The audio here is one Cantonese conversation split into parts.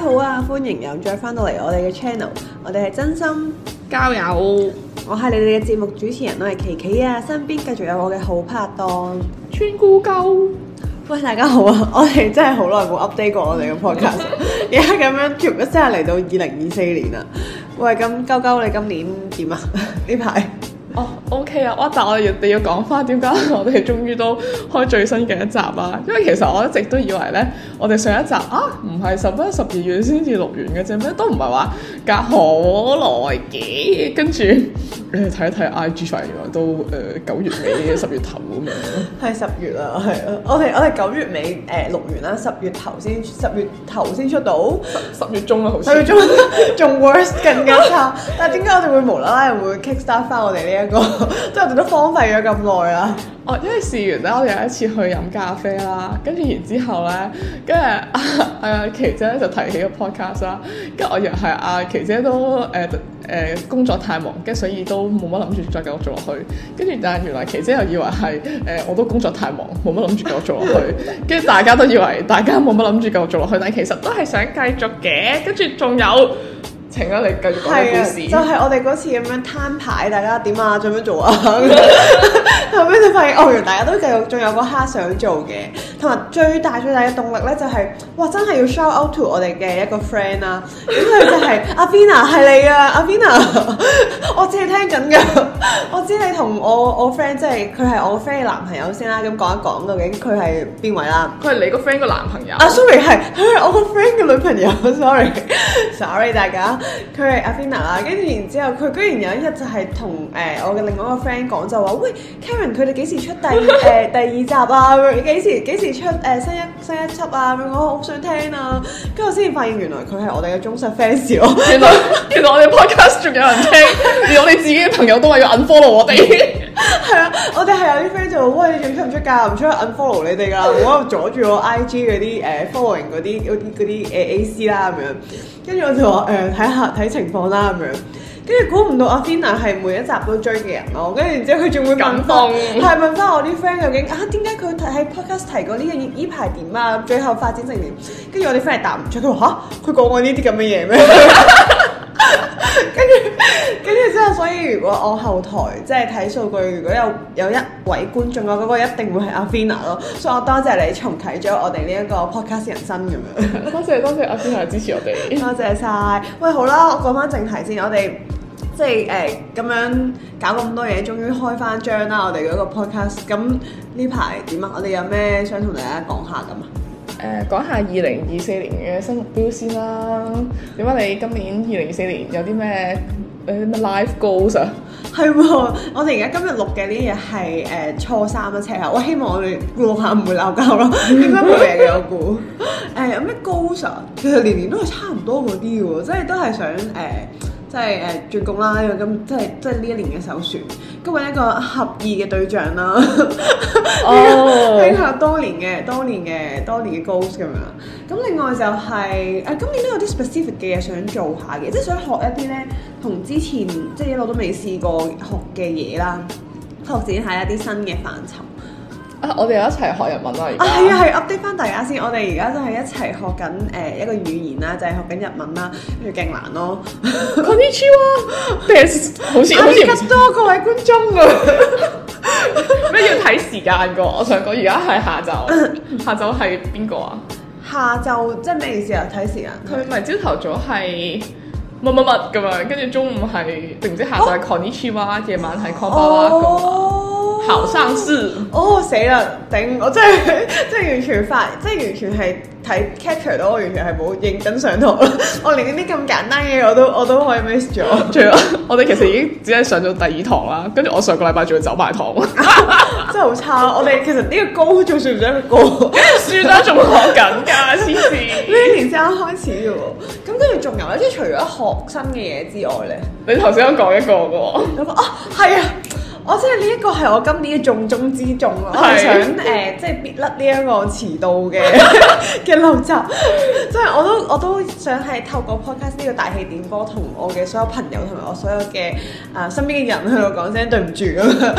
好啊，歡迎又再翻到嚟我哋嘅 channel，我哋係真心交友。我係你哋嘅節目主持人，我係琪琪啊，身邊繼續有我嘅好拍檔村姑鳩。村姑姑喂，大家好啊，我哋真係好耐冇 update 過我哋嘅 podcast，而家咁樣調一三嚟到二零二四年啦。喂，咁鳩鳩你今年點啊？呢排？哦、oh,，OK 啊、oh, we oh, th, th，我但我哋要講翻點解我哋終於都開最新嘅一集啦？因為其實我一直都以為呢，我哋上一集啊，唔係十一、十二月先至錄完嘅啫咩？都唔係話隔好耐嘅。跟住你哋睇一睇 IG 發，原來都誒九月尾、十月頭咁樣。係十月啦，係，我哋我哋九月尾誒錄完啦，十月頭先，十月頭先出到，十 月中啦，好似。十月中仲 worse 更加差， 但係點解我哋會無啦啦又會 kick start 翻我哋呢？一個即係我哋都荒廢咗咁耐啦。哦，因為試完啦，我哋有一次去飲咖啡啦，跟住然之後咧，跟住阿阿琪姐咧就提起個 podcast 啦，跟住我又以為係阿琪姐都誒誒、呃呃、工作太忙，跟所以都冇乜諗住再繼續做落去。跟住但係原來琪姐又以為係誒、呃、我都工作太忙，冇乜諗住繼續做落去。跟住 大家都以為大家冇乜諗住繼續做落去，但係其實都係想繼續嘅。跟住仲有。請啊！你繼續講故事。就係、是、我哋嗰次咁樣攤牌，大家點啊？做咩做啊？後屘你發現，哦原來大家都繼續，仲有個蝦想做嘅。同埋最大最大嘅動力咧，就係、是、哇！真係要 shout out to 我哋嘅一個 friend 啦、啊。咁佢 就係阿 Vina，係你啊，阿 Vina。 我知你聽緊㗎，我知你同我我 friend 即係佢係我 friend 嘅男朋友先啦。咁講一講，究竟佢係邊位啦？佢係你個 friend 嘅男朋友。啊 sorry，佢係，係我個 friend 嘅女朋友。Sorry，sorry sorry，大家。佢係 Athena 啦，跟住然之後，佢居然有一日就係同誒我嘅另外一個 friend 講就話：喂，Karen，佢哋幾時出第誒、呃、第二集啊？幾時幾時出誒、呃、新一新一輯啊？我好想聽啊！跟住我先發現原來佢係我哋嘅忠實 fans 咯。 原來，原來我哋 podcast 仲有人聽，連 我哋自己嘅朋友都話要 unfollow 我哋。 係 啊，我哋係有啲 friend 就喂，你仲出唔出街？唔出，unfollow 你哋噶啦，我喺度阻住我 IG 嗰啲誒 following 嗰啲嗰啲嗰啲誒 AC 啦咁樣。跟住我就話誒睇下睇情況啦咁樣。跟住估唔到阿 Fiona 係每一集都追嘅人咯。跟住然之後佢仲會問翻，係動問翻我啲 friend 究竟啊，點解佢提喺 podcast 提過呢樣嘢？呢排點啊？最後發展成點？跟住我啲 friend 係答唔出。佢話嚇，佢講過呢啲咁嘅嘢咩？ 跟住，跟住之後，所以如果我後台即係睇數據，如果有有一位觀眾啊，嗰、嗰個一定會係阿 Fina 咯。所以我多謝你重啟咗我哋呢一個 podcast 人生咁樣 多。多謝多謝阿 Fina 支持我哋。 多謝晒。喂，好啦，我講翻正題先。我哋即係誒咁樣搞咁多嘢，終於開翻張啦。我哋嗰個 podcast。咁呢排點啊？我哋有咩想同大家講下咁呀？誒、uh, 講下二零二四年嘅新目標先啦。點解你今年二零二四年有啲咩誒 life goals 啊？係喎，我哋而家今日錄嘅呢啲嘢係誒初三嘅時候，我希望我哋錄下唔會鬧交咯。點解唔明嘅我估猜？誒、 uh, 有咩 goals 啊？其實年年都係差唔多嗰啲喎，即係都係想誒。呃即係誒轉工啦，因為咁即係即係呢一年嘅首選，跟住一個合意嘅對象啦，傾下、oh. 多年嘅多年嘅多年嘅 goals 咁樣。咁另外就係、是、誒、啊、今年都有啲 specific 嘅嘢想做下嘅，即係想學一啲咧同之前即係一路都未試過學嘅嘢啦，拓展下一啲新嘅範疇。啊！我哋一齊學日文啦，而家係啊係 update 翻大家先，我哋而家都係一齊學緊誒、呃、一個語言啦，就係、是、學緊日文啦，跟住勁難咯。Konnichiwa best， 好似多是各位觀眾啊！咩要睇時間噶？我想講而家係下晝，下晝係邊個啊？ 下晝即係咩意思啊？睇時間。佢唔係朝頭早係乜乜乜咁樣，跟住中午係定唔知下晝係 Konnichiwa 夜晚係 Konbanwa 考上市哦死啦頂！我真係真係完全發，真係完全係睇 capture 到我，我完全係冇認真上堂啦！我連呢啲咁簡單嘅嘢我都我都可以 miss 咗。仲有我哋其實已經只係上咗第二堂啦，跟住我上個禮拜仲要走埋堂，真係好差。我哋其實呢個高仲算唔算 一,一個高？書單仲學緊㗎，黐線！呢年先啱開始嘅喎，咁跟住仲有一啲除咗學新嘅嘢之外咧，你頭先都講一個嘅喎，咁啊係啊。我真係呢一個係我今年嘅重中之重咯，我係想誒即係搣甩呢一個遲到嘅嘅陋習。即係我都我都想係透過 podcast 呢個大氣點播，同我嘅所有朋友同埋我所有嘅啊身邊嘅人去度講聲對唔住咁樣。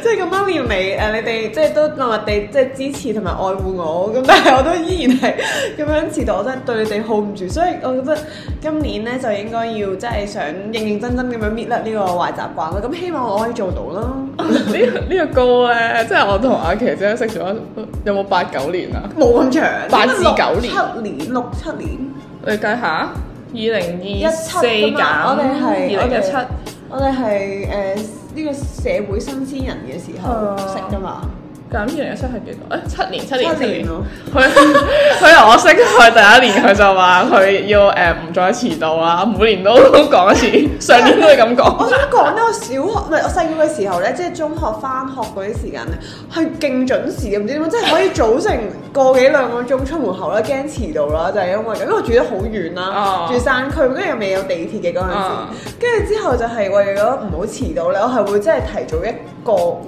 即係咁多年嚟誒你哋即係都默默地即係支持同埋愛護我，咁但係我都依然係咁樣遲到，我真係對你哋好唔住。所以我覺得今年咧就應該要即係想認認真真咁樣搣甩呢個壞習慣。咁希望我可以做到囉、 這個！呢、這、呢個歌咧，即係我同阿琪姐識咗，有冇八九年啊？冇咁 長，八至九年，七年六七年。我哋計下，二零二一四我哋二 20 7 我哋七，uh, 20 7 我哋係誒呢個社會新鮮人嘅時候識㗎、uh、嘛？咁二零一七係幾多？誒七年，七年。七年咯。佢佢 我識佢第一年，佢就話佢要誒唔再遲到啦。每年都都講一次， 上年都係咁講。我想講呢我小學唔係我細個嘅時候咧，即係中學返學嗰啲時間咧，係勁準時嘅，唔知點解即係可以早成個幾兩個鐘出門口啦，驚遲到啦，就係、咁、因為因為住得好遠啦，oh. 住山區，跟住又未有地鐵嘅嗰陣時，跟住、oh. 之後就係為咗唔好遲到咧，我係會即係提早一個。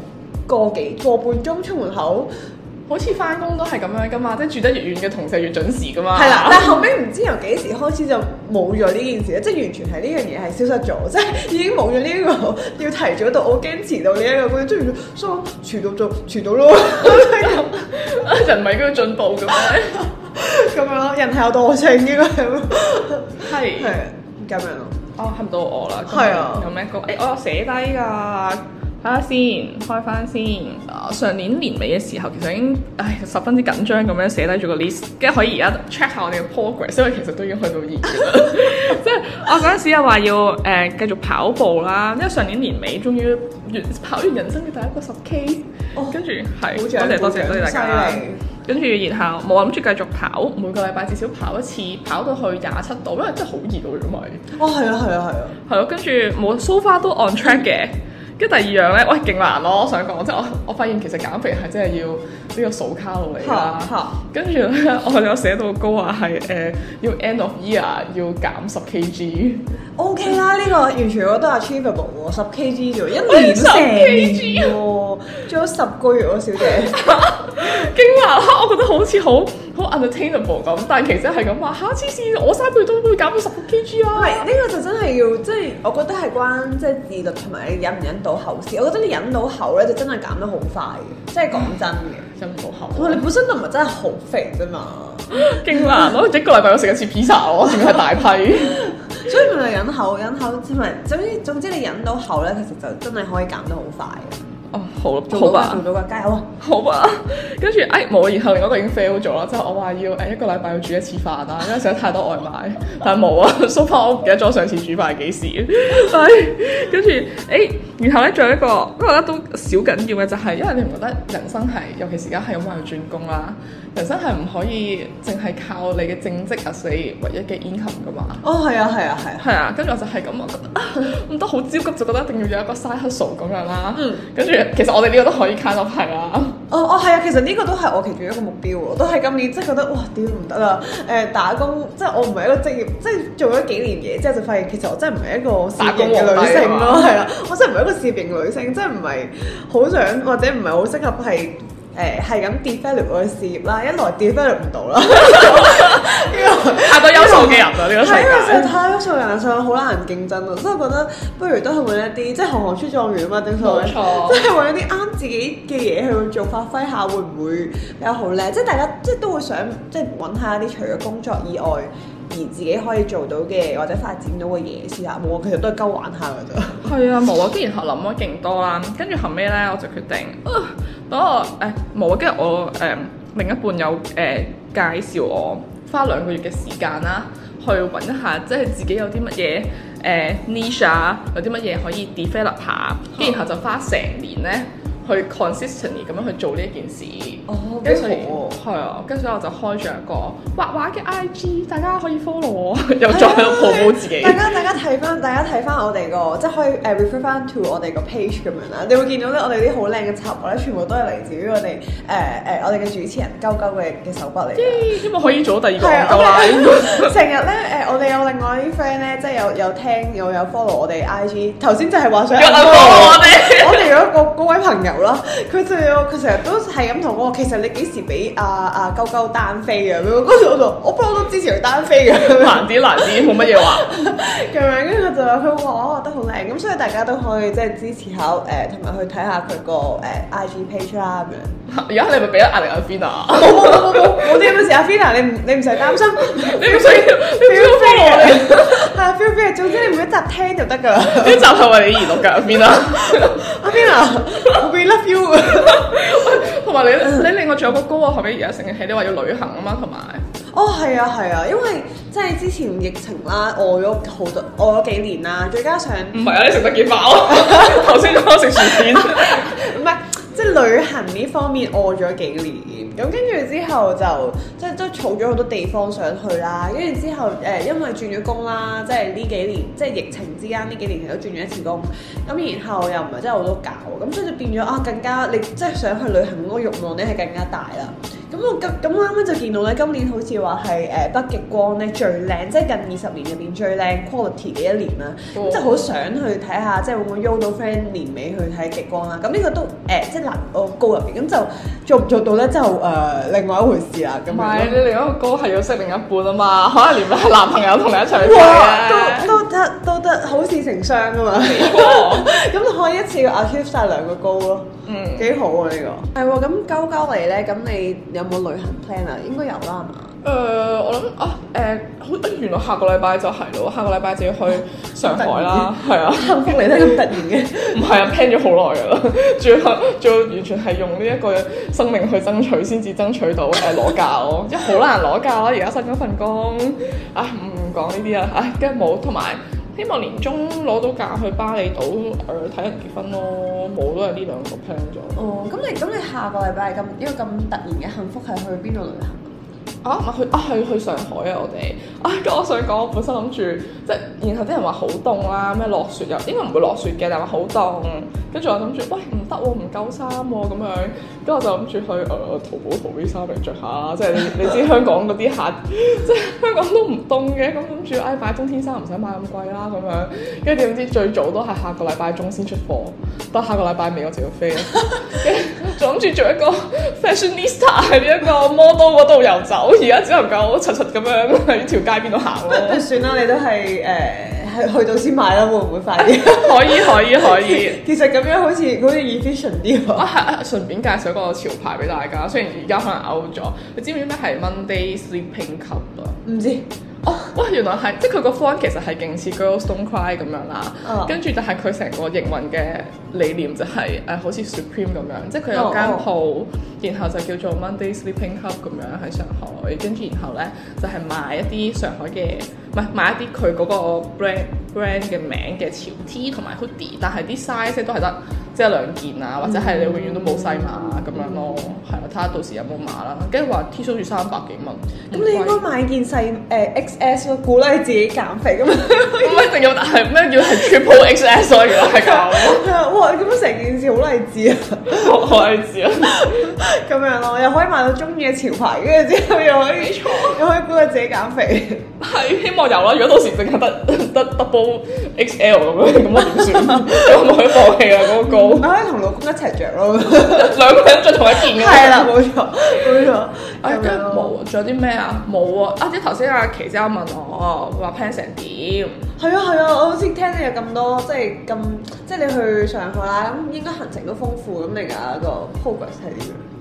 個幾個半鐘出門口，好似翻工都係咁樣噶嘛，即係住得越遠嘅同事越準時噶嘛。係啦，但後尾唔知由幾時開始就冇咗呢件事咧，即係完全係呢樣嘢係消失咗，即係已經冇咗呢個要提早到，我驚遲到呢一個。咁樣做完，所以遲到就遲到咯，人唔係都要進步噶嘛，咁樣人有惰性嘅係，係咁樣咯。哦，差唔多我啦，係啊，有咩誒，我寫低噶。睇下先，開翻先。上年年尾嘅時候，其實已經唉十分之緊張咁樣寫低咗個 list，跟住可以而家 check 下我哋嘅 progress，因為其實都已經去到二月嘅啦。即係我嗰陣時又話要誒繼續跑步啦，因為上年年尾終於完跑完人生嘅第一個十 k，跟住係，多謝多謝多謝大家。跟住然後冇諗住繼續跑，每個禮拜至少跑一次，跑到去廿七度，因為真係好熱喎，如果哦係啊係啊係啊，係咯，跟住冇 so far 都 on track 嘅。跟第二樣呢，喂，勁難咯！我想講，即係我，我發現其實減肥係真係要。個數 呢個數卡路里啦，跟住咧我有寫到個 goal 啊，係、呃、誒要 end of year 要減十 kg。O K 啦，呢個完全我都 achievable 喎，十 kg 咋，一年十 kg。做咗十個月喎，小姐。勁嘛 我覺得好似好好 unattainable 咁，unatt able，但係其實係咁話下次線，我三個月都會減到十 kg 啊。唔呢、哎這個就真係要，即係我覺得係關即係自律同埋你忍唔忍到口先。我覺得你忍到口咧，就真係減得好快嘅，即係講真嘅。 真唔到口。哇！你本身都唔係真係好肥啫嘛、啊，勁難咯！一個禮拜我食一次 pizza 喎、啊，仲要係大批。 所以咪係忍口忍口之咪，總之總之你忍到口咧，其實就真係可以減得好快、啊。哦，好啦吧，做唔到，做唔到嘅加油吧。好啊，跟住哎冇，然後另一個已經 fail 咗啦。之、就、係、是、我話要誒、哎、一個禮拜要煮一次飯啦，因為食得太多外賣， 但係冇啊。So far， so、我唔記得咗上次煮飯係幾時。係，跟住誒，然後咧仲、哎、有一個，我覺得都少緊要嘅就係、是，因為你唔覺得人生係，尤其是而家係有冇要轉工啦、啊？人生係唔可以淨係靠你嘅正職啊，所以唯一嘅 income 噶、啊、嘛。哦，係啊，係啊，係。係啊，跟住、啊、我就係咁，我覺得，唔都好焦急，就覺得一定要有一個 side hustle 咁樣啦。嗯。跟住，其實我哋呢個都可以卡咗牌啦。哦哦，係啊，其實呢個都係我其中一個目標喎。都喺今年，即、就、係、是、覺得哇，屌唔得啦！誒、呃，打工即係我唔係一個職業，即係做咗幾年嘢之後就發現，其實我真係唔係一個打工嘅女性咯，係啊，我真係唔係一個視屏女性，即係唔係好想或者唔係好適合係。誒係咁 develop 個事業啦，一來 develop 唔到啦，呢、 呢個太多優秀嘅人啦，呢 個係太多優秀嘅人上，好難競爭啊！ 所以覺得不如都係揾一啲，即係行行出狀元啊嘛，丁、就、爽、是，即係揾一啲啱自己嘅嘢去做，發揮下會唔會比較好叻？即係 大家即係都會想，即係揾下啲除咗工作以外。而自己可以做到嘅或者發展到嘅嘢試下，冇啊，其實都係鳩玩下嘅啫。係 啊，冇啊，跟住然後諗咗勁多啦，跟住後尾咧我就決定，哦等我誒冇啊，跟住我誒、哎呃、另一半有誒、呃、介紹我花兩個月嘅時間啦，去揾一下即係自己有啲乜嘢誒 niche 啊，呃、iche，有啲乜嘢可以 develop 下，跟住然後就花成年咧。去 consistently 咁樣去做呢一件事，哦，跟住係啊，跟住我就開咗一個畫畫嘅 IG，大家可以 follow 我，又再 promo 自己。大家大家睇翻，大家睇翻我哋個即係可以誒 refer 翻 to 我哋個 page 咁樣啦，你會見到咧，我哋啲好靚嘅插畫咧，全部都係嚟自於我哋誒誒我哋嘅主持人鳩鳩嘅嘅手筆嚟。因為可以做第二個啦，成日咧誒，我哋有另外啲 friend 咧，即係有有聽又有 follow 我哋 IG，頭先就係話想 follow 我哋，我哋有一個位朋友。佢成日佢成日都係咁同我講，其實你幾時俾阿阿鳩鳩單飛嘅？咁嗰時我就，我不嬲都支持佢單飛嘅。難子難子冇乜嘢話，咁 樣跟住就話佢話，我覺得好靚，咁所以大家都可以即係支持下誒，同埋去睇下佢個誒 IG page 啊～而家你係咪俾咗壓力阿 Fiona？冇冇冇冇，冇啲咁嘅事。阿 Fiona，你唔你唔使擔心。阿菲菲，阿菲菲，係阿菲菲係做咩？總之你每一集聽就得噶啦。呢集係為你而錄㗎，阿 Fiona。阿 Fiona，We love you。同埋你你另外仲有個歌啊！後尾而家成日喺你話要旅行啊嘛，同埋。哦，係啊，係啊，因為即係之前疫情啦，餓咗好多，餓咗幾年啦，再加上唔係啊，你食得幾飽？頭先講食薯片，唔係。旅行呢方面餓咗幾年，咁跟住之後就即係都儲咗好多地方想去啦。跟住之後誒，因為轉咗工啦，即係呢幾年即係疫情之間呢幾年，其實都轉咗一次工。咁然後又唔係真係好多假。咁所以就變咗啊，更加你即係想去旅行嗰個慾望咧係更加大啦。咁我咁啱啱就見到咧，今年好似話係誒北極光咧最靚 W、oh，即係近二十年入邊最靚 quality 嘅一年啦。咁就好想去睇下，即係會唔會邀到 friend 年尾去睇極光啦。咁、嗯、呢個都誒，即係嗱個 goal 入邊，咁、就是哦、就做唔做到咧，就、呃、誒另外一回事啊。咁係、哦，你另一個 goal 係要識另一半啊嘛，可能年尾男朋友同你一齊睇啊。都得都得好事成雙噶嘛，咁就可以一次 achieve 曬兩個 goal 咯。嗯，幾好啊呢、這個！係喎、哦，咁鳩鳩嚟咧，咁你有冇旅行 plan 啊？應該有啦，係嘛？誒、呃，我諗啊，誒、呃，好，原來下個禮拜就係咯，下個禮拜就要去上海啦，係 然啊！ 幸福嚟得咁突然嘅、 啊？唔係啊，plan 咗好耐噶啦，最後最後完全係用呢一個生命去爭取，先至爭取到誒攞假咯，即係好難攞假咯。而家新嗰份工啊，唔講呢啲啦，唉，跟住冇同埋。希望年中攞到假去巴厘島誒睇人結婚咯，冇都係呢兩個 plan 咗。哦，咁你咁你下個禮拜咁，因為咁突然嘅幸福係去邊度旅行？啊，唔係去啊，去去上海啊，我哋啊。咁我想講，我本身諗住即係，然後啲人話好凍啦，咩落雪，又應該唔會落雪嘅，但係好凍。跟住我諗住，喂，唔得喎，唔夠衫喎咁樣。跟住我就諗住去，誒、呃、淘寶淘啲衫嚟着下，即係你你知香港嗰啲客， 即係香港都唔凍嘅。咁諗住唉，買冬天衫唔使買咁貴啦咁樣。跟住點知最早都係下個禮拜中先出貨，到下個禮拜尾我就要飛 跟住就諗住做一個 fashionista 喺呢一個 model 嗰度遊走。我而家只能夠好柒柒咁樣喺條街邊度行咯。算啦，你都係誒，係、呃、去到先買啦，會唔會快啲？ 可以可以可以。 其實咁樣好似好似 efficient 啲喎、嗯。我係、啊、順便介紹一個潮牌俾大家，雖然而家可能 out 咗。你知唔知咩係 Monday Sleeping Cup 啊？唔知。哦，oh, 原來係即係佢個方其實係勁似 Girls Don't Cry 咁樣啦，跟住、oh. 但係佢成個營運嘅理念就係、是、誒、呃、好似 Supreme 咁樣，即係佢有間鋪，oh, okay. 然後就叫做 Monday Sleeping Hub 咁樣喺上海，跟住然後咧就係、是、賣一啲上海嘅，唔係賣一啲佢嗰個 brand。brand 嘅名嘅潮 T 同埋 hoodie，但係啲 size 都係得即係兩件啊，或者係你永遠都冇細碼咁樣咯，係啦，睇下到時有冇碼啦。跟住話 T 恤要三百幾蚊，咁你應該買件細誒 XS 咯，鼓勵自己減肥咁樣。唔一定要，但係咩叫係全部 XS 所以嘅？係啊，哇！咁成件事好勵志啊，好勵志啊，咁樣咯，又可以買到中意嘅潮牌，跟住之後又可以又可以鼓勵自己減肥，係希望有啦。如果到時淨係得得得波。XL 咁 咯，咁我點算啊？那個、 我唔可以放棄啊！嗰個，你可以同老公一齊着咯，兩個人着同一件嘅，係 啦，冇錯，冇錯。哎呀，冇啊，仲有啲咩啊？冇啊！啱先頭先阿琪姐有問我話 plan 成點，係啊係啊，我好似聽你有咁多，即係咁，即係你去上課啦，咁應該行程都豐富咁嚟噶個 progress 係點樣？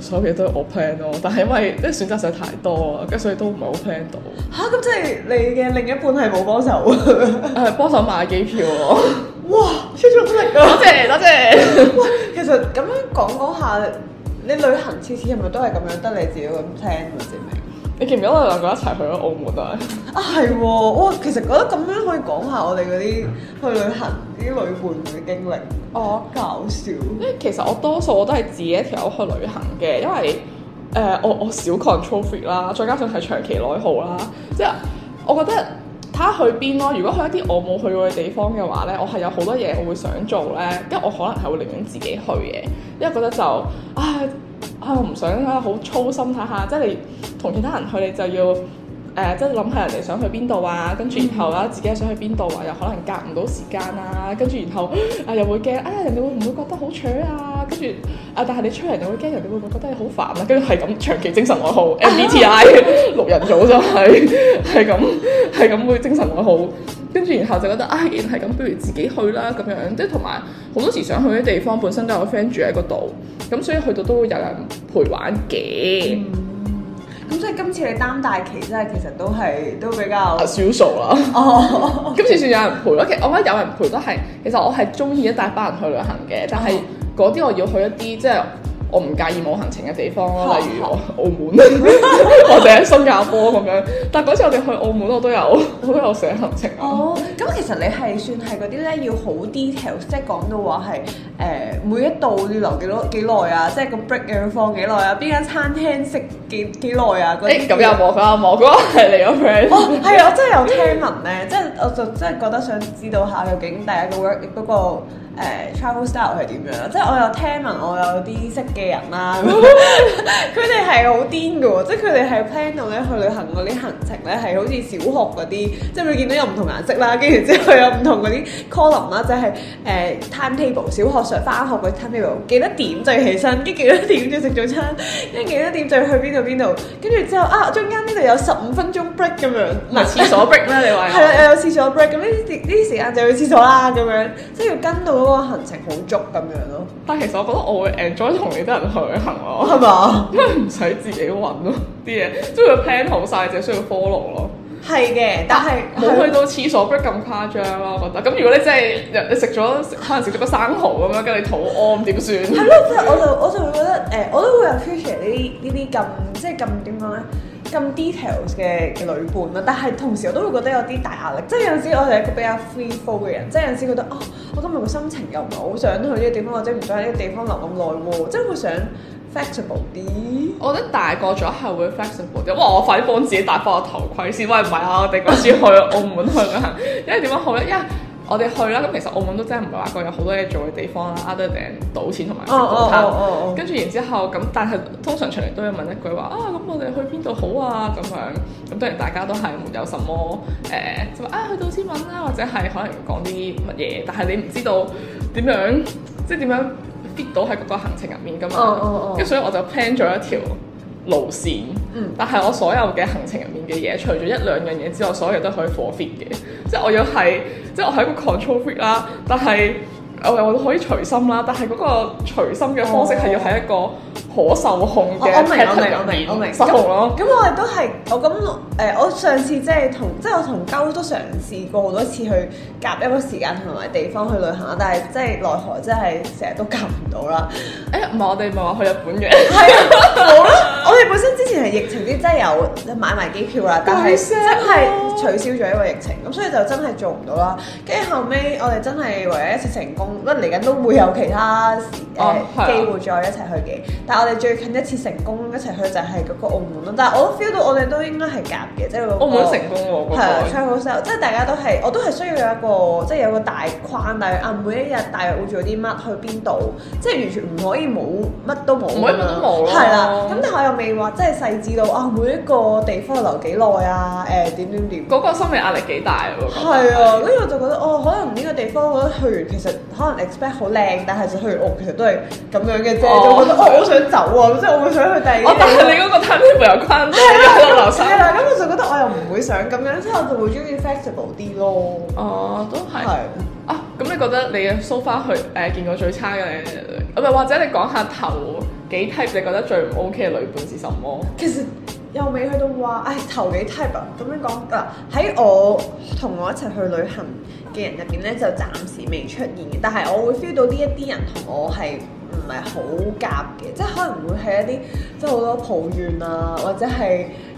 誒所有嘢都係我 plan 咯，但係因為啲選擇實在太多啊，跟住所以都唔係好 plan 到。嚇，咁即係你嘅另一半係冇幫手？誒幫手買機票喎。哇超足力啊！多謝多謝。喂，其實咁樣講嗰下，你旅行次次係咪都係咁樣？得你自己咁 plan 先明？你記唔記得我哋兩個一齊去咗澳門啊？啊係喎，哇！其實覺得咁樣可以講下我哋嗰啲去旅行啲旅伴嘅經歷，哦，搞笑。因為其實我多數我都係自己一條友去旅行嘅，因為誒、呃、我我少 control freak 啦，再加上係長期內耗啦，即係我覺得睇下去邊咯。如果去一啲我冇去過嘅地方嘅話咧，我係有好多嘢我會想做咧，跟住我可能係會寧願自己去嘅，因為覺得就啊。啊！我唔想啊，好操心下下，即係你同其他人去，你就要誒、呃，即係諗下人哋想去邊度啊，跟住然後啊，自己又想去邊度啊，又可能隔唔到時間啊，跟住然後啊，又會驚、哎、呀，人哋會唔會覺得好扯啊？跟住啊，但係你出嚟，又會驚，人哋會唔會覺得你好煩啊？跟住係咁長期精神內耗，MBTI 六人組就係係咁，係咁、啊、 會精神內耗。跟住然後就覺得啊，原來係咁，不如自己去啦咁樣，即係同埋好多時想去啲地方，本身都有 friend 住喺嗰度，咁所以去到都會有人陪玩嘅。咁、嗯、所以今次你擔大旗真，真係其實都係都比較少數啦。哦， 今次算有人陪啦、 okay，其實我覺得有人陪都係，其實我係中意一大班人去旅行嘅，但係嗰啲我要去一啲即係。我唔介意冇行程嘅地方咯，例如我澳門， 我哋喺新加坡咁樣。但嗰次我哋去澳門，我，我都有好有寫行程、啊。哦，咁其實你係算係嗰啲咧，要好 detail，即係講到話係誒每一度要留幾多幾耐啊，即係個 break 要放幾耐啊，邊間餐廳食幾幾耐啊？啲？咁又冇啊，冇啊，係你個 friend。哦，係啊，我真係有聽聞咧，即係 我就真係覺得想知道下，究竟大家嘅 work 嗰、嗰個。誒、uh, travel style 係點樣？即係我有聽聞我有啲識嘅人啦、啊，佢哋係好癲嘅喎，即係佢哋係 plan 到咧去旅行嗰啲行程咧係好似小學嗰啲，即係你見到有唔同顏色啦，跟住之後有唔同嗰啲 column 啦，即係誒 time table，小學上翻學嗰 time table，幾多點就要起身，跟住幾多點就要食早餐，跟住幾多點就要去邊度邊度，跟住之後啊中間呢度有十五分鐘 break 咁樣，唔係廁所 break 咩？ 你話係啊，又有廁所 break，咁呢啲呢啲時間就要去廁所啦咁樣，即係要跟到。個行程好足咁樣咯，但係其實我覺得我會 enjoy 同你啲人去旅行咯，係嘛吧？因為唔使自己揾咯啲嘢，即係 plan 好晒，就只需要 follow 咯。係嘅，但係冇、啊、沒去到廁所不咁誇張咯，我覺得咁如果你真、就、係、是、你食咗可能食咗個生蠔咁樣，跟你肚屙咁點算？係咯，即係我就我就會覺得誒、呃，我都會有 future、就是、呢呢啲咁即係咁點講咧？咁 details 嘅嘅旅伴啦，但係同時我都會覺得有啲大壓力，即係有陣時我哋係一個比較 free flow 嘅人，即係有陣時覺得哦，我今日嘅心情又唔係好，想去呢個地方或者唔想喺呢個地方留咁耐喎，即係會想 flexible 啲。我覺得大個咗係會 flexible 啲，哇！我快啲幫自己戴翻個頭盔先，喂，唔係啊，我哋嗰次去澳門 去啊，因為點樣好咧？因為我哋去啦，咁其實澳門都真係唔係話過有好多嘢做嘅地方啦，other than 賭錢同埋食早餐，跟住、oh, oh, oh, oh, oh. 然之後咁，但係通常出嚟都會問一句話啊，咁我哋去邊度好啊？咁樣咁當然大家都係冇有什麼誒、呃，就話啊去賭錢玩啦，或者係可能講啲乜嘢，但係你唔知道點樣，即係點樣 fit 到喺嗰個行程入面㗎嘛，跟、oh, oh, oh, oh. 所以我就 plan 咗一條路線，嗯、但係我所有嘅行程入面嘅嘢，除咗一兩樣嘢之外，所有都可以火 fit 嘅。即係我要係，即係我係一個 control fit 啦。但係我又可以隨心啦。但係嗰個隨心嘅方式係要喺一個可受控嘅劇情失控咯。咁我哋都係我咁誒，我上次即係同即係我同鳩都嘗試過好多次去夾一個時間同埋地方去旅行，但係即係奈何真係成日都夾唔到啦。誒唔係我哋唔係話去日本嘅，係啊！我我哋本身之前係疫情啲真係有買埋機票啦，但係真係取消咗因為疫情，咁所以就真係做唔到啦。跟住後尾我哋真係唯一一次成功，不過嚟緊都會有其他誒機會再一齊去嘅，但係。我哋最近一次成功一齊去就係嗰個澳門咯，但係我都 feel 到我哋都應該係夾嘅，即係澳門成功喎。係啊唱 r a v 即係大家都係，我都係需要有一個，即係有個大框，但係啊，每一日大約會做啲乜，去邊度，即係完全唔可以冇乜都冇。乜都冇咯。係啦，咁但係又未話即係細緻到啊，每一個地方留幾耐啊，誒點點點。嗰個心理壓力幾大喎。係啊，跟住是我就覺得哦，可能呢個地方我覺得去完其實可能 expect 好靚，但係就去完我其實都係咁樣嘅啫。 哦。我好想。 走啊！即係我會想去第二。我但係你嗰個 flexible 有關啦，流失。係啦 R in vic，咁我就覺得我又唔會想咁樣，即係我就會中意 flexible 啲咯。哦，都係。係。啊，咁你覺得你嘅 so far 去誒見過最差嘅，或者你講下頭幾 type 你覺得最唔 OK 嘅旅伴是什麼？其實又未去到話，唉，頭幾 type 啊咁樣講嗱，喺我同我一齊去旅行嘅人入邊咧，就暫時未出現嘅。但係我會 feel 到呢一啲人同我係。唔係好夾嘅，即係可能會係一啲即係好多抱怨啊，或者係誒、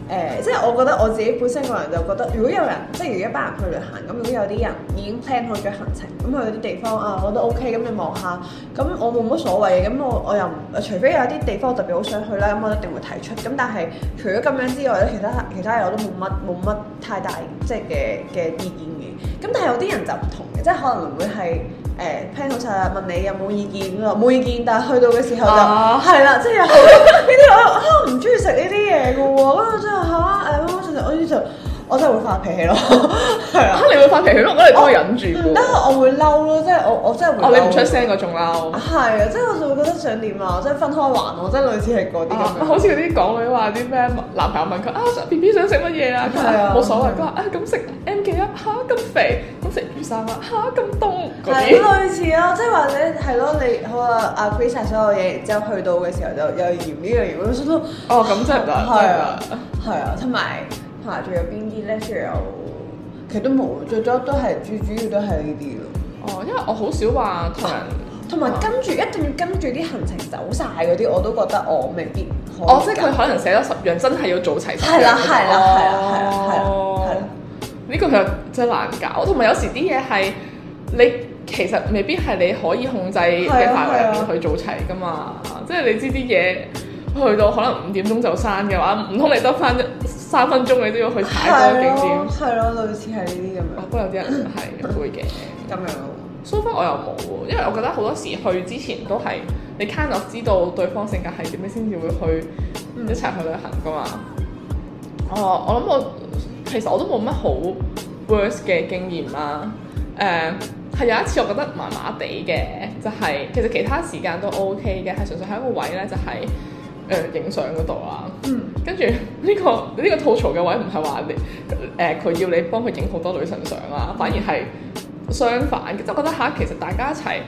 呃，即係我覺得我自己本身個人就覺得，如果有人即係如果一班人去旅行咁，如果有啲人已經 plan 好咗行程，咁去啲地方啊，我都 OK，咁你望下，咁我冇乜所謂咁我我又除非有啲地方我特別好想去啦，咁我一定會提出。咁但係除咗咁樣之外咧，其他其他嘢我都冇乜冇乜太大即係嘅嘅意見嘅。咁但係有啲人就唔同嘅，即係可能會係。誒 plan、欸、好曬問你有冇意見㗎？冇意見，但係去到嘅時候就係啦，即係又呢啲我我唔鍾意食呢啲嘢㗎喎，咁我真係嚇誒，我真係我真我真係會發脾氣咯，係 啊，啊，你會發脾氣咯，哦嗯，我哋都忍住。不我會嬲咯，即係我我真係會。你唔出聲嗰種嬲。係啊，即係我就會覺得想念啊，即係分開玩，即係類似係嗰啲好似嗰啲港女話啲咩，男朋友問佢啊，B B 想食乜嘢啊？係啊，冇所謂。佢話對啊，咁食 M K 啊，吓咁肥。咁食魚生啊，吓咁凍。係，啊啊啊、類似啊，即係或者係咯，你好，你好啊，阿 g r 所有嘢之後去到嘅時候就又嫌呢樣嫌嗰樣，都哦咁真唔得。係啊，係啊，同，啊、埋。啊啊仲有邊啲咧？仲有其實都冇，最多都係主主要都係呢啲咯。哦，因為我好少話同同埋跟住哇一定要跟住啲行程走晒嗰啲，我都覺得我未必。哦，即係佢可能寫咗十樣，真係要做齊。係啦了，係啦，係啦，係啦，係啦。呢個其實真係難搞，同埋有，有時啲嘢係你其實未必係你可以控制嘅範圍入邊去做齊噶嘛。即係你知啲嘢。去到可能五點鐘就閂嘅話，唔通你得翻三分鐘，你都要去踩多啲景點？係咯，係咯，類似係呢啲咁樣。不過有啲人係會嘅。咁樣，so far 我又冇喎，因為我覺得好多時去之前都係你 kind of 知道對方性格係點樣先至會去、嗯、一齊去旅行噶嘛。哦、uh，我諗我其實我都冇乜好 worse 嘅經驗啦。誒，係有一次我覺得麻麻地嘅，就係、是、其實其他時間都 OK 嘅，係純粹喺個位咧就係、是。誒，影相嗰度啊，跟住呢個呢、這個吐槽嘅位唔係話你誒佢、呃、要你幫佢影好多女神相啊，反而係相反嘅，即係覺得吓、啊、其實大家一齊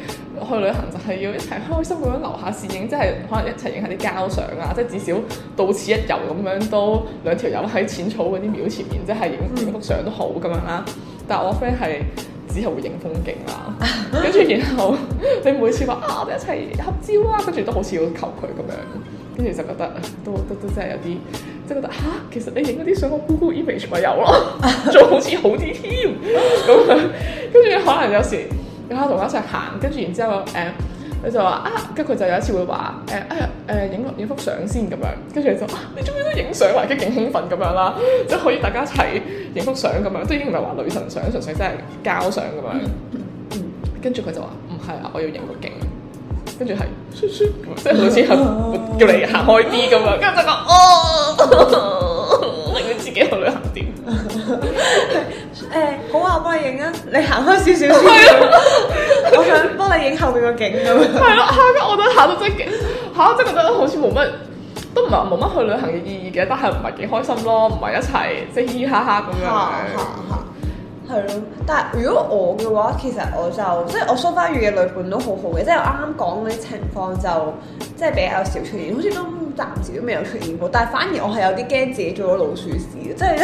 去旅行就係要一齊開心咁樣留下倩影，即、就、係、是、可能一齊影下啲膠相啊，即、就、係、是、至少到此一遊咁樣都兩條友喺淺草嗰啲廟前面即係影幾幅相都好咁樣啦。但係我 friend 係只係會影風景啦，跟住 然後你每次話啊我哋一齊合照啊，跟住都好似要求佢咁樣。跟住就覺得，都都都真係有啲，即係覺得吓、啊，其實你影嗰啲相 image，個 Google image 咪有咯，仲好似好啲添。咁樣，跟住可能有時有，佢下同我一齊行，跟住然之後，誒、嗯，佢就話啊，跟住佢就有一次會話，誒、嗯，哎呀，誒、嗯，影影幅相先咁樣。跟住就、啊，你做咩都影相或者住勁興奮咁樣啦，即係可以大家一齊影幅相咁樣，都已經唔係話女神相，純粹真係交相咁樣。跟住佢就話唔係啊，我要影個景。跟住係，即係好似係叫你行開啲咁樣，跟住就講哦，令你自己去旅行點？誒，好啊，幫你影啊，你行開少少先，我想幫你影後面個景咁樣。係咯，嚇！我都行到即係幾，嚇！即係覺得好似冇乜，都唔係冇乜去旅行嘅意義嘅，但係唔係幾開心咯，唔係一齊即係嘻嘻哈哈咁樣。係咯，但係如果我嘅話，其實我就即係我蘇花月嘅旅伴都好好嘅，即係我啱啱講嗰啲情況就即係比較少出現，好似都暫時都未有出現過。但係反而我係有啲驚自己做咗老鼠屎嘅，即係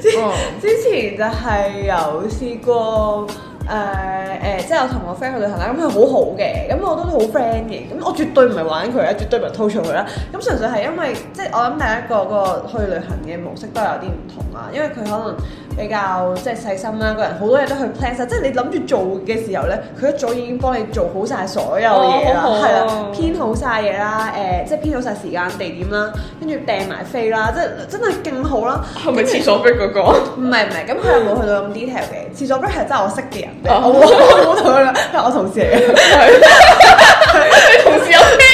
之之前就係有試過誒誒，即係我同我 friend 去旅行啦，咁佢好好嘅，咁我都好 friend 嘅，咁我絕對唔係玩佢啦，絕對唔係吐槽佢啦。咁純粹係因為即係我諗第一個個去旅行嘅模式都有啲唔同啊，因為佢可能，比較即係細心啦，個人好多嘢都去 plan 晒，即係你諗住做嘅時候咧，佢一早已經幫你做好晒所有嘢啦，係啦、哦啊，編好晒嘢啦，誒、呃，即係編好晒時間、地點啦，跟住訂埋飛啦，即係真係勁好啦。係咪廁所逼嗰、那個？唔係唔係，咁佢冇去到咁 detail 嘅。嗯、廁所逼係真係我識嘅人，我我同佢係我同事嚟嘅， 同，事同事有。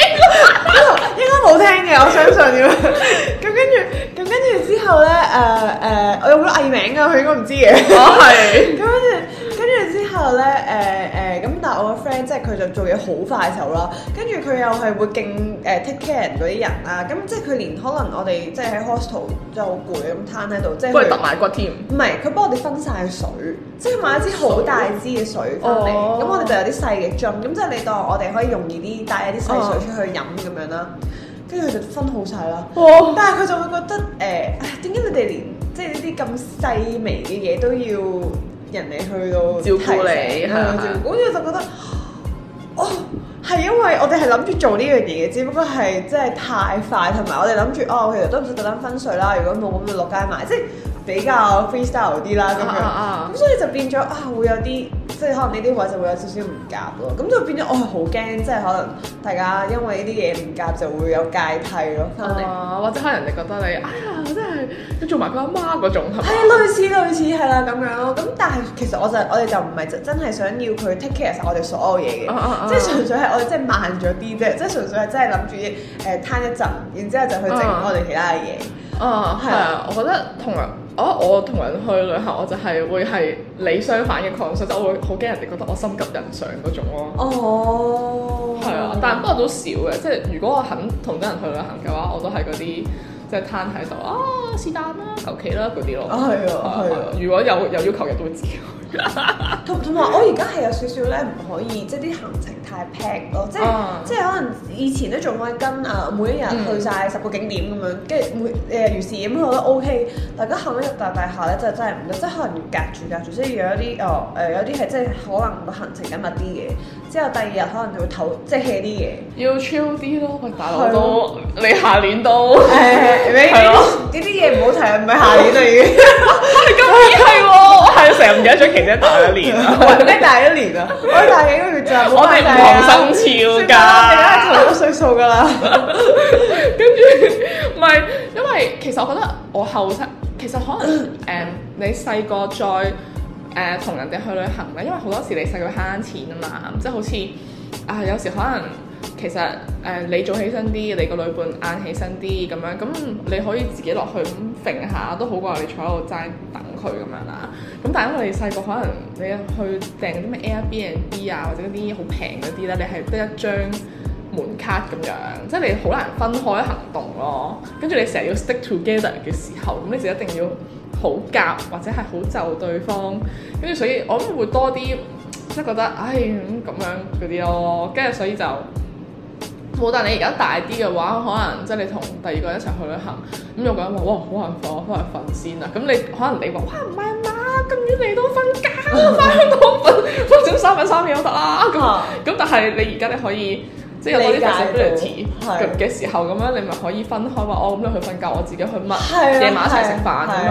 uh, uh, uh, 我相信咁跟住，咁跟住之後咧，誒誒，我有好多藝名啊，佢應該唔知嘅。哦，咁跟住，跟住之後咧，誒誒，咁但係我個 friend 即係佢就做嘢好快手啦。跟住佢又係會勁誒、uh, take care 嗰啲人啦。咁即係佢連可能我哋即係喺 hostel 就是 host 就是、好攰咁攤喺度，即係佢揼埋骨添。唔係，佢幫我哋分晒水，水即係買一支好大支嘅水翻嚟，咁、哦、我哋就有啲細嘅樽。咁即係你當我哋可以容易啲帶一啲細水出去飲咁、哦、樣啦。跟住佢就分好晒啦，哇但係佢就會覺得誒，點、哎、解你哋連即係呢啲咁細微嘅嘢都要人哋去到照顧你係咪？好似、啊、就覺得哦，係因為我哋係諗住做呢樣嘢嘅，只不過係真係太快，同埋我哋諗住哦，其實都唔使咁樣分稅啦。如果冇咁，就落街買即係。比較 freestyle 啲啦咁樣，咁所以就變咗啊，會有啲即係可能呢啲位就會有少少唔夾咯，咁就變咗我係好驚，即係可能大家因為呢啲嘢唔夾就會有芥蒂咯，或者可能你覺得你哎呀，我真係都做埋佢阿媽嗰種係類似類似係啦咁樣咯，咁但係其實我就我哋就唔係真真係想要佢 take care 曬我哋所有嘢嘅，即係純粹係我哋即係慢咗啲啫，即係純粹係真係諗住誒攤一陣，然之後就去整我哋其他嘅嘢。哦，係啊，我覺得同樣。哦，oh，我同人去旅行，我就係會係你相反嘅抗性，即我會好驚人哋覺得我心急人上嗰種咯。哦，係啊，但不過都少嘅，即係如果我肯同啲人去旅行嘅話，我都係嗰啲。即係攤喺度啊，是但啦，求其啦嗰啲咯。係啊，係啊，啊。如果有有要求，嘅，都會自己開。同同埋，我而家係有少少咧，唔可以即係啲行程太 pack 咯。即係、啊、即係可能以前咧仲可以跟啊，每一日去晒十個景點咁樣，跟住、嗯、每誒、呃、如是咁，我覺得 OK。大家行喺入大大廈咧，就真係唔得，即係可能隔住隔住，即係有一啲誒誒，有啲係即係可能個行程緊密啲嘅。之後第二日可能就會唞，即係 hea 啲嘢。要 chill 啲咯，大佬你下年都係係咯，呢啲嘢唔好提，唔係下年已嚟嘅？係咁、 啊，係喎， 我係成日唔記得咗其實， 大一年，你 大一年不不啊？我大幾個月咋？我哋唔狂生肖㗎，老歲數㗎啦。 跟住，唔係，因為其實我覺得我後生，其實可能誒、 嗯，你細個再。誒同、呃、人哋去旅行咧，因為好多時你細個慳錢啊嘛，即係好似啊、呃、有時可能其實誒、呃、你早起身啲，你個女伴晏起身啲咁樣，咁你可以自己落去咁揈下都好過你坐喺度齋等佢咁樣啦。咁但係因為你細個可能你去訂啲咩 Airbnb 啊或者啲好平嗰啲咧，你係得一張門卡咁樣，即係你好難分開行動咯。跟住你成日要 stick together 嘅時候，咁你就一定要。好夾或者係好就對方，跟住所以我，我會多啲即係覺得，唉咁、哎、樣嗰啲咯。跟住所以就，冇。但你而家大啲嘅話，可能即係你同第二個人一齊去旅行，咁又個人話：哇，好幸福啊，翻瞓、欸、先啊。咁你可能你話：哇，唔係嘛，咁遠嚟到瞓覺，翻去都好瞓，翻少三分三秒得啦。咁咁，但係你而家你可以。即係有啲 flexibility 嘅時候咁樣，是你咪可以分開話哦，咁你去瞓覺，我自己去乜，夜、啊、晚一齊食飯咁樣。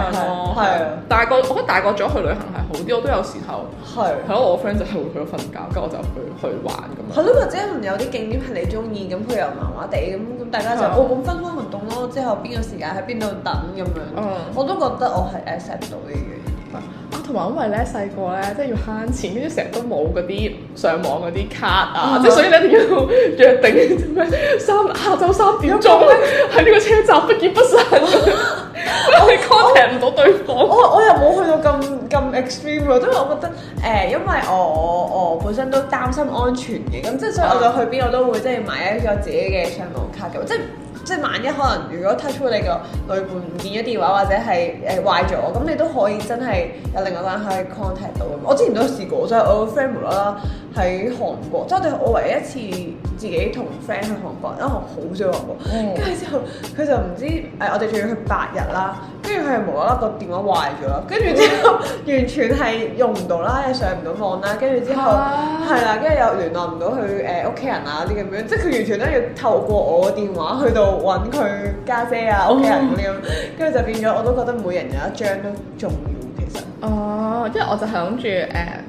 係啊，大係個我覺得大個咗去旅行係好啲，我都有時候係係咯，我 friend 就係會去瞓覺，跟住我就去去玩咁。係咯、嗯，或者有啲景點係你中意，咁佢又麻麻地咁，咁大家就、啊、哦咁分開行動咯。之後邊個時間喺邊度等咁樣，嗯、我都覺得我係 accept 到啲嘢。因為咧細個咧，即係要慳錢，跟住成日都冇嗰啲上網嗰啲卡啊，即係、嗯、所以咧一定要約定做咩三下晝三點鐘咧喺呢個車站不見不散我， 我哋 contact 唔到對方。我我，我又冇去到咁咁 extreme，因為我覺得誒、呃，因為我我本身都擔心安全嘅，咁即係所以我就去邊我都會即係買一個自己嘅上網卡嘅，即、就、係、是。即係萬一可能，如果 touch 你個旅伴唔見咗電話，或者係誒壞咗，咁你都可以真係有另外一個人可以 contact 到。我之前都試過，就係我個 friend 無啦啦喺韓國，即係我唯一一次自己同 friend 去韓國，因為我好少去韓國。跟住、哦、之後，佢就唔知誒、哎，我哋仲要去八日啦。跟住佢係無啦啦個電話壞咗啦，跟住之後完全係用唔到啦，又上唔到網啦，跟住之後係啦，跟住、ah. 又聯絡唔到佢誒屋企人啊啲咁樣，即係佢完全都要透過我個電話去到搵佢家姐啊屋企人咁樣，跟住、oh. 就變咗我都覺得每人有一張都重要其實。哦、oh, 呃，即係我就係諗住誒，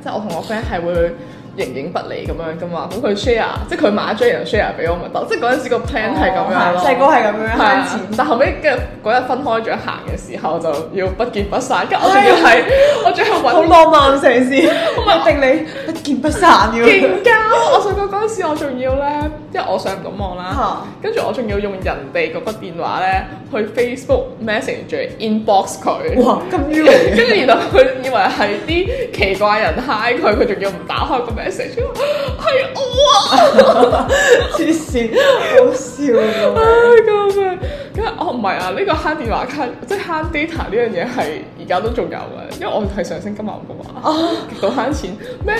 即係我同我 friend 係會。形影不離咁樣噶嘛，咁佢 share，即係佢買咗嘢又 share 俾我咪得，即係嗰陣時個 plan 係咁樣，細哥係咁樣慳錢，但後尾嘅嗰日分開咗行嘅時候就要不見不散，跟住、哎、呀我仲要係，哎、呀我仲要係揾好浪漫成事， 我問 定你。見不散要勁交！我細個嗰陣時，我仲要咧，即係我上唔到網啦，跟住我仲要用人哋嗰個電話咧去 Facebook Messenger inbox 佢。哇咁妖！跟住然後佢以為係啲奇怪人嗨佢，佢仲要唔打開個 message，係我啊！黐線，好笑啊！唉救命！跟住我唔係啊，呢個慳電話卡即係慳 data 呢樣嘢係而家都仲有嘅，因為我係上升金牛嘅嘛啊，極度慳錢咩？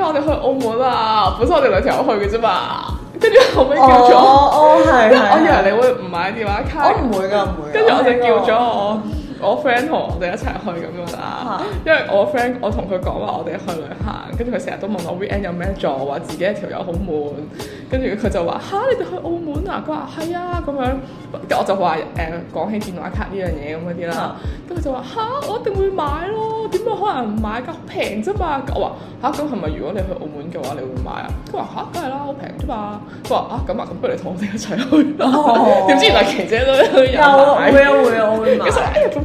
欸、我哋去澳門啊！本身我哋兩條友去嘅啫嘛，跟住後尾叫咗，哦哦係，我以為你會唔買電話卡，oh, 箱我唔會噶，唔會，跟住我就叫咗我。了 我 friend 同我哋一齊去咁樣啦，因為我 friend 我同佢講話我哋去旅行，跟住佢成日都問我 V N 有咩做，話自己一條友好悶，跟住佢就話吓，你哋去澳門啊，佢話係啊咁樣，跟我就話誒講起電話卡呢樣嘢咁嗰啲啦，跟佢就話吓，我一定會買咯，點會可能唔買㗎？好平啫嘛，我話吓，咁係咪如果你去澳門嘅話，你會買啊？佢話吓，梗係啦，好平啫嘛，佢話啊咁啊，咁不如你同我哋一齊去啦，點知原來琪姐都都有買，會啊會啊，我會買。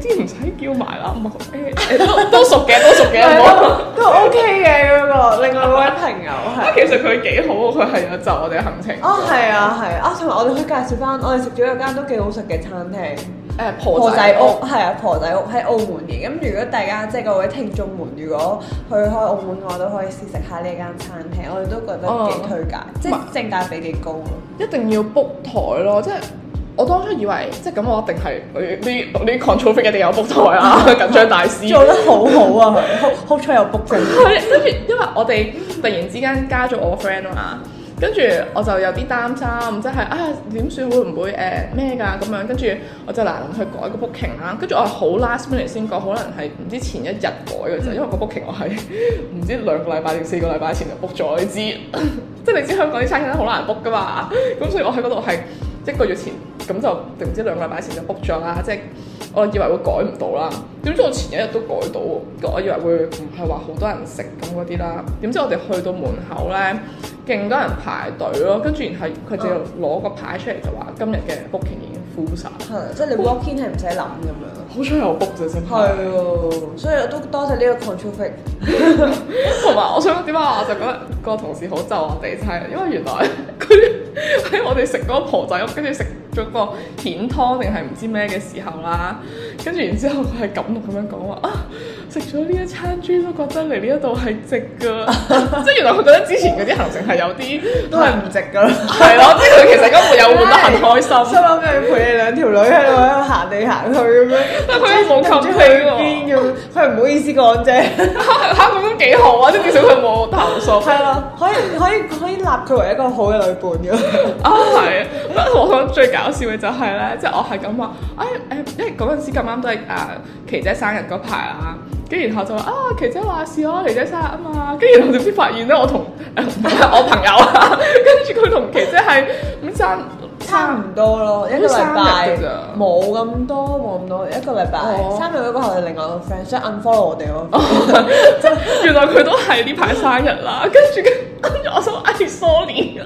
知唔使叫埋啦、欸，都熟嘅， 都熟嘅， 都 OK 嘅嗰、那個、另外嗰位朋友係。 其實佢幾好，佢係有就我哋行程。哦，係啊，係啊，同埋、啊啊、我哋去介紹翻，我哋食咗一間都幾好食嘅餐廳，誒、欸、婆仔屋係啊，婆仔屋喺澳門嘅。咁如果大家即係各位聽眾們，如果去開澳門嘅話，我都可以試食下呢間餐廳，我哋都覺得幾推介，嗯、即係性價比幾高。一定要 book 台咯，即係。我當初以為即係咁，我一定係呢啲 control 一定有 book 台啦，緊 張大師 做得好好啊！ 好好彩有 book 嘅，跟住 因為我哋突然之間加咗我 friend 啊嘛，跟住我就有啲擔心，即、就、係、是哎呃、啊點算會唔會誒咩㗎咁樣？跟住我就嗱臨去改個 booking 啦。跟住我係好 last minute 先改，可能係唔知前一日改嘅啫。嗯、因為個 booking 我係唔知兩個禮拜定四個禮拜前就 book 咗，你知 即係你知香港啲餐廳都好難 book 㗎嘛。咁所以我喺嗰度係一個月前。咁就定唔知兩個禮拜前就 book 咗啦，即係我以為會改唔到啦。點知我前一日都改到，我以為會唔係話好多人食咁嗰啲啦。點知我哋去到門口咧，勁多人排隊咯。跟住然後佢就攞個牌出嚟就話今日嘅 booking 已經 full 晒。嗯嗯、即係你 walk in 係唔使諗咁樣。嗯、好彩有 book 啫先。係啊、哦，哦、所以我都多謝呢個 control freak。同埋 我想點啊，我就覺得個同事好咒我哋，係因為原來佢喺我哋食嗰個婆仔屋跟住食。做個甜湯定係唔知咩嘅時候啦，跟住然之後佢係咁咁樣講話啊，食咗呢一餐豬都覺得嚟呢一度係值噶，即係 原來佢覺得之前嗰啲行程係有啲都係唔值噶，係咯 對。即係佢其實今日有玩得很開心，七蚊雞陪你兩條女喺度喺度行嚟行去咁樣，都係冇咁去邊嘅，佢唔 好意思講啫。嚇咁都幾好啊！至少佢冇投訴，係 啦，可以可以可以立佢為一個好嘅女伴嘅。啊，係。最搞笑嘅就係、是、咧，即、就、係、是、我係咁話，誒、哎、誒，因為嗰陣時咁啱都係誒奇姐生日嗰排啊，跟住然後就話啊，奇姐話是啊，奇姐生日啊嘛，跟住然後先發現咧，我、呃、同 我朋友啊， 跟住佢同奇姐係五三， 三差唔多咯，一個禮拜咋，冇咁多，冇咁多一個禮拜，oh. 三日嗰個係另外個 friend，即 unfollow 我哋咯，即係原來佢都係呢排生日啦，跟住。 嗯跟住 我想嗌條 sorry，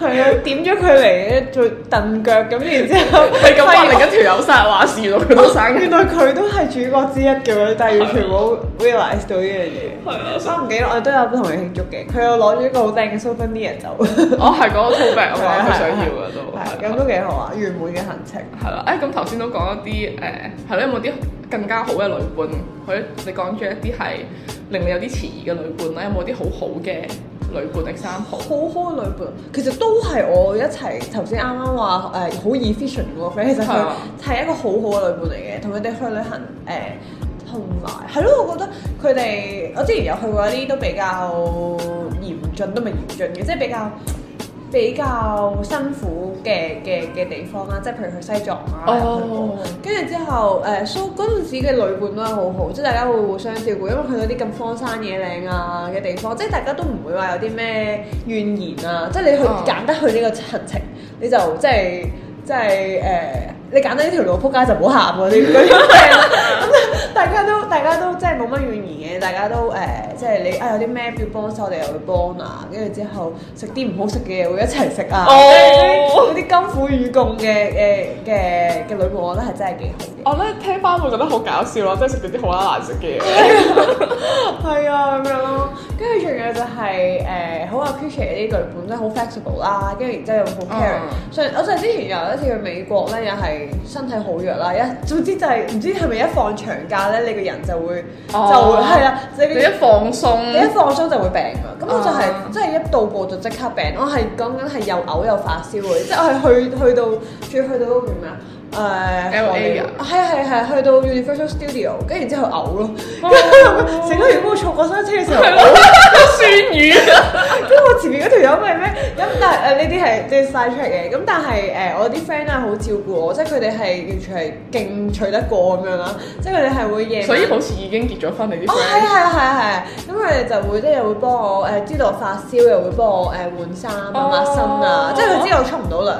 係 啊，點咗佢嚟做蹬腳咁，然之後係咁翻另一條友殺話事咯。 原來佢都係主角之一嘅，但係要全部 realize 到呢樣嘢。係 啊，所以唔記得我都有同佢慶祝嘅。佢又攞咗一個好靚嘅 souvenir 走。我係講套餅啊嘛，佢、哦、 想要啊都。啊，咁都幾好啊，圓滿嘅行程。係啦、 欸，誒咁頭先都講一啲誒，係、哎、咧有冇啲更加好嘅旅館？佢你講咗一啲係令你有啲遲疑嘅旅伴啦，有冇啲好好嘅旅伴嘅 example？好好嘅旅伴，其實都係我一齊頭先啱啱話誒好、呃、efficient 嘅其實佢係的一個好好嘅旅伴嚟嘅，同佢哋去旅行誒同埋，係、呃、咯，我覺得佢哋我之前有去過一啲都比較嚴峻，都未係嚴峻嘅，即係比較。比較辛苦嘅嘅嘅地方啦、啊，即係譬如去西藏啊，跟住、oh. 之後誒，蘇嗰陣時嘅旅伴都係好好，即係大家會互相照顧，因為去到啲咁荒山野嶺啊嘅地方，即係大家都唔會話有啲咩怨言啊，oh. 即係你去揀得去呢個行程，你就即係即係誒、呃，你揀到呢條路撲街就唔好喊嗰啲。 大家都大家都即係冇乜怨言嘅，大家都誒、呃、即係你啊、哎、有啲咩要幫手我哋又會幫啊，跟住之後食啲唔好食嘅嘢會一齊食啊，嗰啲甘苦與共嘅誒嘅嘅旅伴我覺得係真係幾好。嘅、就是呃 uh huh.，我覺得聽翻會覺得好搞笑咯，即係食到啲好撚難食嘅嘢，係啊咁樣咯。跟住仲有就係誒好阿 Pierre 啲旅伴真係好 flexible 啦，跟住然之後又好 care。我再之前又有一次去美國咧，又係身體好弱啦，一總之就係、是、唔知係咪一放長假。咧你個人就會就會係啊，oh. 你一放鬆，你一放鬆就會病噶。咁我就係即係一到步就即刻病。我係講緊係又嘔又發燒嘅，即係我係去去到仲要去到嗰個咩啊？誒，係係啊，去到 Universal Studio，跟住之後嘔咯，成個月冇坐過山車嘅時候嘔，酸雨。跟住我前面嗰條友咪咩？咁但係誒呢啲係即係晒出嚟嘅，咁但係誒我啲 friend 啊好照顧我，即係佢哋係完全係勁取得過咁樣啦，即係佢哋係會夜晚，所以好似已經結咗婚，你啲 friend 係啊，係啊，係啊，咁佢哋就會即係又會幫我誒知道我發燒，又會幫我誒換衫啊、抹身啊，即係佢知道我沖唔到涼。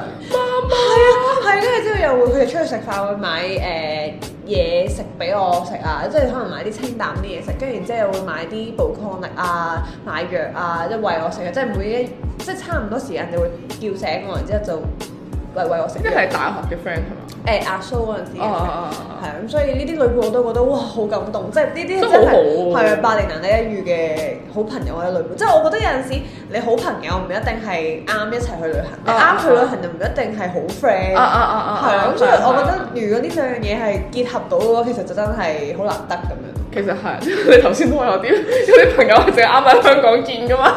係啊，係跟住之後又會。佢出去食飯會買誒嘢、呃、食俾我食啊，即係可能買啲清淡啲嘢食，跟住然之後會買啲補抗力啊、買藥啊，即係餵我食啊，即係每一即係差唔多時間就會叫醒我，然之後就。為為我食，即係大學嘅 friend 係嘛？誒阿蘇嗰陣時係啊，咁、oh, oh, oh, oh. 所以呢啲旅伴我都覺得哇好感動，即係呢啲真係係八零難得一遇嘅好朋友或者旅伴。即、就、係、是、我覺得有陣時你好朋友唔一定係啱一齊去旅行，uh, uh, uh. 你啱去旅行就唔一定係好 friend。啊啊係啊，咁所以我覺得如果呢兩樣嘢係結合到嘅話，其實就真係好難得咁樣。其實係，你頭先都話我啲， 有啲朋友係正啱喺香港見噶嘛。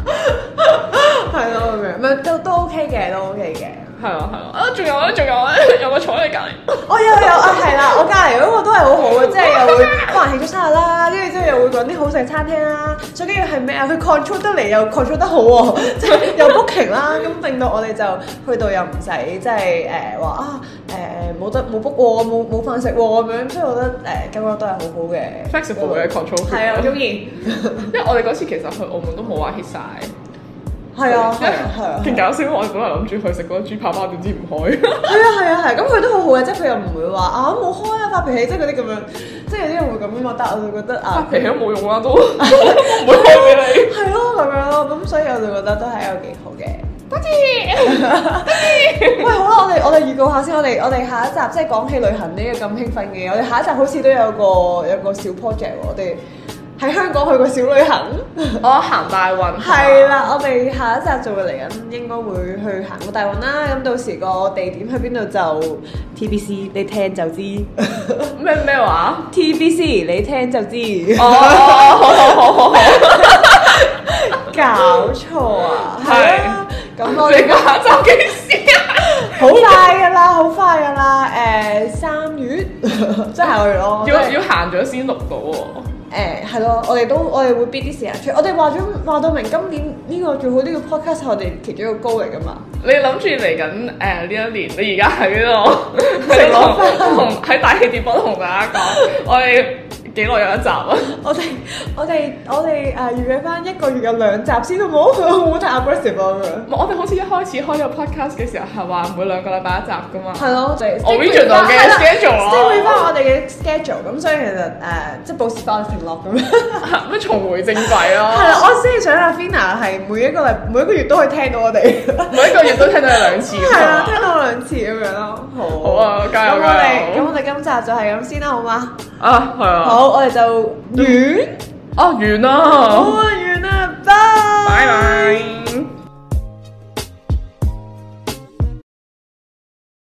係咯，咁樣，咪、 嗯、都都 OK 嘅，都 OK 嘅。係啊係啊，啊仲有咧，仲有咧，有個坐喺你隔離。我有有啊，係啦、啊啊，我隔離嗰個都係好， 好好嘅，即係又發起咗生日啦，跟住之後又會揾啲好食嘅餐廳啦。最緊要係咩啊？佢 control 得嚟又 control 得好喎，即係又 booking 啦，咁令到我哋就去到又唔使即係誒話啊誒冇、呃、得冇 book 喎，冇冇飯食喎咁樣。所以我覺得誒感覺都係好好嘅，flexible Thanks 嘅 control。係啊，我中意， 因為我哋嗰次其實去澳門都冇話 hit 晒。係啊，係啊，係啊。勁搞笑！嗯、我本來諗住去食嗰豬扒包，點知唔開？係 啊，係啊，係咁佢都好好嘅，即係佢又唔會話啊冇開啊發脾氣，即係嗰啲咁樣，即係有啲人會咁樣覺得，我就覺得啊發脾氣都冇用啦，都唔會開俾你。係咯，咁樣咯，咁所以我就覺得都係有幾好嘅。多謝，喂，好啦，我哋我哋預告下先，我哋我哋下一集即係、就是、講起旅行呢個咁興奮嘅，我哋下一集好似都有個有個小 project，我哋。喺香港去個小旅行，我行、oh, 大運。係啦， 我哋下一集就會嚟緊，應該會去行個大運啦。咁到時個地點去邊度就 TBC，你聽就知。咩咩話？TBC，你聽就知。哦，oh, 好好好好好， 搞錯啊！係咁我哋下集幾時啊？好快㗎啦，好快㗎啦。誒、呃，三月即係去咯。要要行咗先錄到喎。誒係咯，我哋都我哋會逼啲時間出，我哋話咗話到明，今年呢個最好呢個 podcast 我哋其中一個 goal 嚟㗎嘛。你諗住嚟緊誒呢一年，你而家喺邊度？我翻同喺大氣電波同大家講，我哋。幾耐有一集啊？ 我？我哋我哋我哋誒預約翻一,一個月有兩集先，好唔好？啊、 好唔好太 aggressive 啊咁樣？我哋好似一開始開咗 podcast 嘅時候係話每兩個禮拜一集㗎嘛。係咯，我哋即係回翻我哋嘅 schedule 咯。即係回翻我哋嘅 schedule 咁，所以其實誒即係保持到承諾咁樣，咩重回正軌咯？係啦，我先係想阿 Fina 係每一個禮每一個月都可以聽到我哋，每一個月都聽到佢兩次。係啦，聽到我兩次咁樣咯。好好啊，咁我哋咁油我哋好今集就係咁先啦，好嗎？啊，係啊。好，我哋就完？哦，完啦，好啊，完啦，拜拜。Bye bye。